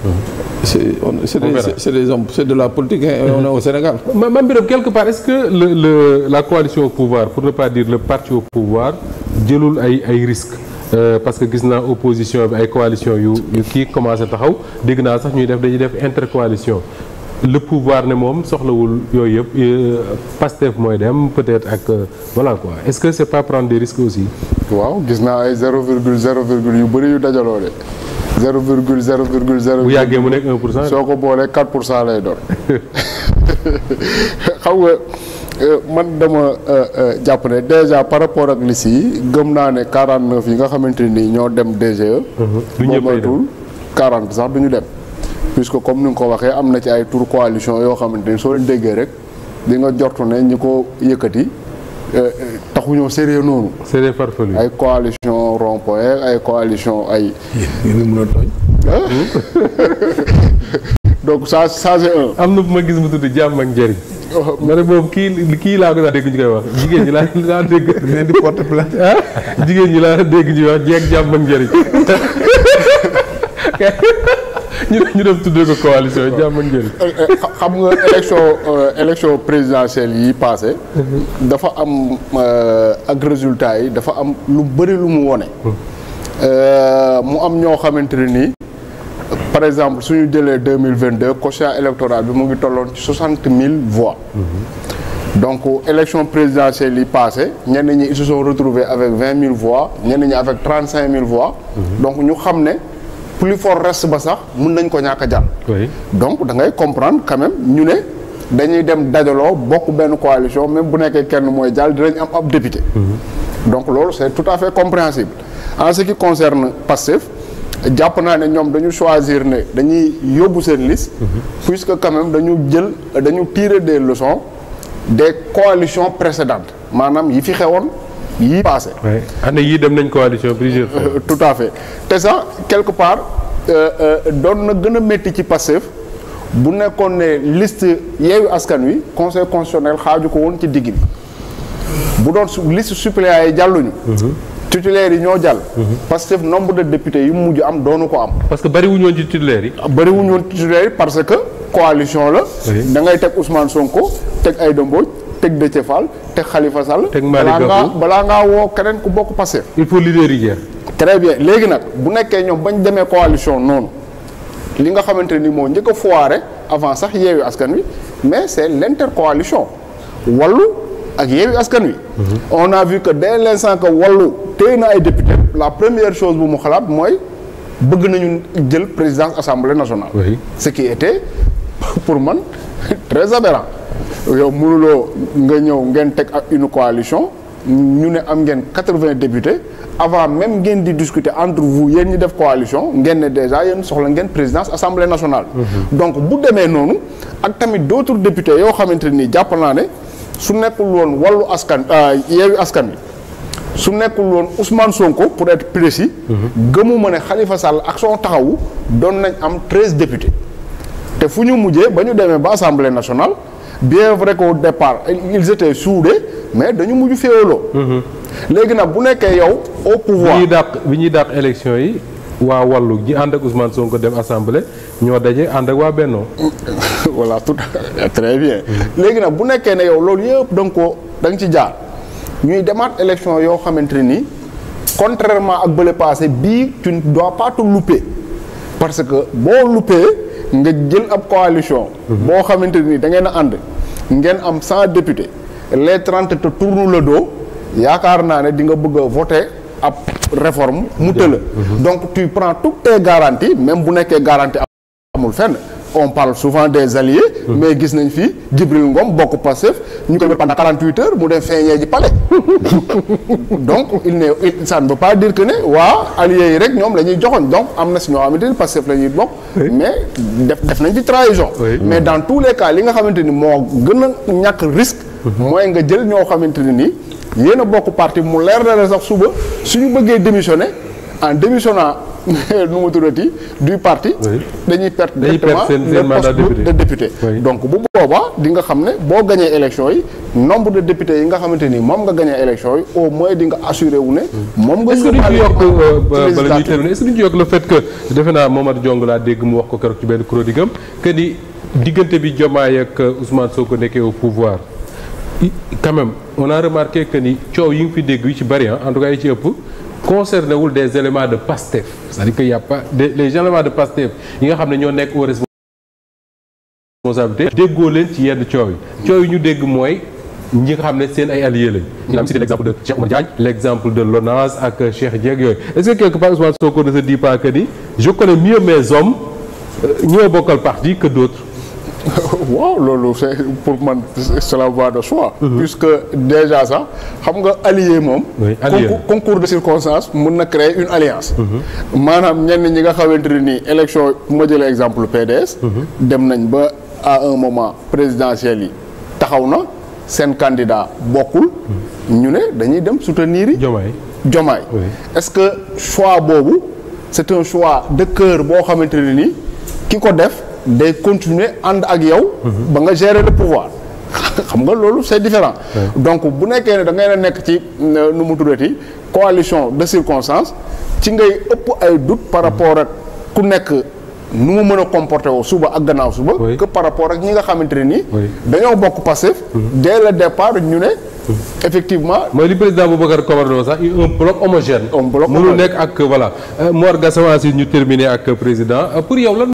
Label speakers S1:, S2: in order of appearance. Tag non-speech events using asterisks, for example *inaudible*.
S1: Mm-hmm. c'est des hommes c'est de la politique hein, on est au Sénégal Mame Birame quelque part est-ce que le le la coalition au pouvoir pour ne pas dire le parti au pouvoir jëlul ay ay risques euh, parce que gis naa opposition bi ay coalition yu yu kii commencé taxaw dégg naa sax ñuy def dañuy def intercoalition le pouvoir ne moom soxlawul yooyu yëpp euh, Pastef mooy dem peut-être ak euh, voilà quoi est-ce que c'est pas prendre des risques aussi. waaw gis
S2: naa ay zéro virgule zéro virgule yu bëri yu dajaloo de. zéro virgule zéro virgule
S1: zéro. bu yàggee mu nekk un pour cent soo
S2: ko boolee quatre pour cent lay doon *laughs* xam nga euh, man dama euh, euh, jàpp ne déjà par rapport ak liste yi gëm naa ne quarante neuf yi nga xamante nii ñoo dem DGE.
S1: Mhm. du ñëpp ay dem
S2: quarante sax du ñu dem. puisque comme ni nga ko waxee am na ci ay tour coalition yoo xamante ni soo leen déggee rek di nga jortu ne ñi ko yëkkati. taxuñoo sérieux noonu.
S1: sérieux farfelu ay
S2: coalition rond-point ay coalition ay. *laughs*
S1: donc ça ça am na bu ma gis mu tudd jàmm ak njëriñ. ma boobu kii kii laa ko daa dégg ñu koy wax jigéen ñi laa dégg leen ah? jigéen ñi laa dégg ñuy wax jeeg jàmm ak njëriñ. *laughs* ñu def tuddee ko coalition jàmm ak njëriñ.
S2: Euh, euh, xam nga élection euh, élection présidentielle yi passé dafa am ak résultat yi dafa am lu bëri lu mu wone hmm. mu am ñoo xamante ne nii par exemple suñu jëlee deux mille vingt deux quotient électoral bi mu ngi tolloon ci soixante mille voix.
S1: Hmm.
S2: donc élection présidentielle yi passé ñenn ñi ils se sont avec vingt mille voix ñenn ñi avec trente cinq mille voix. Hmm. donc ñu xam ne. plus for reste ba sax mun nañ ko ñàkk a jàll. donc da ngay comprendre quand ñu ne dañuy dem dajaloo bokk benn coalition même bu nekkee kenn mooy jàll dinañ am ab député.
S1: Mhm.
S2: donc loolu c'est tout à fait compréhensible en ce qui concerne Pastef jàpp naa ne ñoom dañu choisir ne dañuy yóbbu seen liste. Mhm. puisque quand même dañu jël dañu tirer des leçons des coalitions précédentes maanaam yi fi xewoon. yii passé
S1: année yii dem nañ coalition plusieurs fois. Euh, tout à fait te
S2: sax quelque part euh, euh, doon na gën a métti ci Pastef bu nekkoon ne list yeewu askan wi conseil constitutionnel xaaju ko woon ci digg bi bu doon liste suppléants yi jàlluñu. Mhm. titulaires yi ñoo jàll. Mhm. parce que nombre de yi yu mujj am doonu ko am.
S1: parce que bariwuñu woon ci titulaires yi.
S2: bariwuñu woon titulaires yi parce que coalition la. da ngay teg Ousmane Sonko teg ay Mbodj teg Déthié Fall teg xalifa Sall. teg Malick balaa ngaa woo keneen ku bokk Pastef. il faut leader yi jeex. très bien léegi nag bu nekkee ñoom bañ demee coalition noonu li nga xamante ni moo njëkk a foire avant sax yeewi askan wi mais c' est l' intercoalition wallu ak yeewi askan wi. Mhm. on a vu que dès l' instant que wallu téye na ay député la première chose bu mu xalaat mooy bëgg nañu jël présidence assemblée nationale. Oui. ce qui était pour man *laughs* très aberrant. yow mënuloo nga ñëw ngeen teg ak une coalition ñu ne am ngeen quatre-vingts députés avant même ngeen di discuter entre vous yéen ñi def coalition ngeen ne déjà yéen soxla ngeen présidence assemblée nationale. Mhm. donc bu demee noonu ak tamit d'autres députés yoo xamante nii jàpp naa ne su nekkul woon wàllu askan euh, yeewi askan wi. su nekkul woon Ousmane Sonko pour être précis. Mhm. gëmuma ne xalifa Sall ak soo taxawu doon nañ am treize députés. te fu ñu mujjee ba ñu demee ba assemblée nationale bien vrai qu'au départ ils étaient soudés mais dañu mujj féewaloo. Mhm. léegi nag bu nekkee yow
S1: au pouvoir. bi ñuy dàq bi ñuy dàq élection yi waa wàllu ñi ànd ak Ousmane Sonko dem assemblée ñoo daje ànd ak waa Bennoo. *laughs* voilà tout très bien. léegi nag bu
S2: nekkee ne yow loolu yëpp da ko da nga ci jaar ñuy demaat élection yoo xamante ni contrairement ak bële passé bii tu ne dois pas parce que boo loupé. nga jël ab coalition. Mhm. boo xamante ni da ngeen a ànd ngeen am cent députés les trente te tourne doo yaakaar naa ne di nga bëgg a ab réforme mu tëla mhm. donc tu prends toutes tes garanties même bu nekkee garantie amul fenn on parle souvent des alliés. Hmm. mais gis nañ fi Djibril Ngom bokk Pastef ñu koy wër pendant 48 heures mu dem feeñee ji palais *laughs* donc il ne ça ne veut pas dire que ne waa alliés yi rek ñoom la ñuy joxoon donc am na si ñoo xamante ni Pastef la ñuy bokk. mais def def nañ ci trahison. mais dans tous les cas li nga xamante ni moo gën a ñàkk risque. Hmm. mooy nga jël ñoo xamante ne ni yéen a bokk parti mu leer na sax suba ñu bëggee démissionner en démissionnant. *laughs* nu mu tuddati du parti. dañuy perte directement le poste de député. donc bu boobaa di nga xam ne boo gañee élection yi nombre de député yi nga xamante ni moom nga gañee élection yi au moins di nga assuré wu ne. moom nga est-ce que yokk euh, bala
S1: ñuy que le fait que defe naa Mamadou Diong laa dégg mu wax ko keroog ci benn chronique am que ni diggante bi Diomaye ak euh, Ousmane Sonko nekkee au pouvoir. quand même on a remarqué que ni coow yi nga fi dégg yu ci bari ah, en tout cas yi ci ëpp. concerné wul des éléments de PASTEF c'est-à-dire que y' a des éléments de PASTEF yi nga xam ne ñoo nekk au responsabilité déggoo leen ci yenn coow yi coow yi ñu dégg mooy ñi nga xam ne seen ay alliés lañ ñu am cité l' exemple de Cheikh Oumar Diagne l' exemple de l'ONAS ak Cheikh Dieng yooyu est ce que quelque part Ousmane Sonko ne se dit pas ni je connais mieux mes hommes euh, ñoo bokkal parti que d' autres
S2: *laughs* waaw loolu c'est pour man cela va de soi. Mhm. puisque déjà sax xam nga allié moom. concours de circonstance mun na créer une alliance.
S1: Mhm.
S2: maanaam ñenn ñi nga xamante ne nii élection bu ma jëlee exemple PDS. Mhm. dem nañ ba à un moment présidentiel yi taxaw na seen candidat bokkul. ñu ne dañuy dem soutenir yi. Jomaay Jomaay. est-ce que choix boobu c'est un choix de boo xamante ne nii ki ko def. day continuer ànd ak yow. ba nga gérer le pouvoir xam nga loolu c'est différent. donc bu nekkee ne da ngay nekk ci euh, nu mu tuddati coalition de circonstance ci ngay ëpp ay doute par rapport ak ku nekk. nu mu mën a comporté woo suba ak gannaaw suba. que par rapport ak ñi nga xamante ne nii. dañoo bokk Pastef.
S1: dès le départ ñu ne. effectivement. mooy li président Boubacar Camara sax un bloc homogène. un bloc homogène nekk ak voilà euh, Mor Gassama si ñu terminer ak président euh, pour yow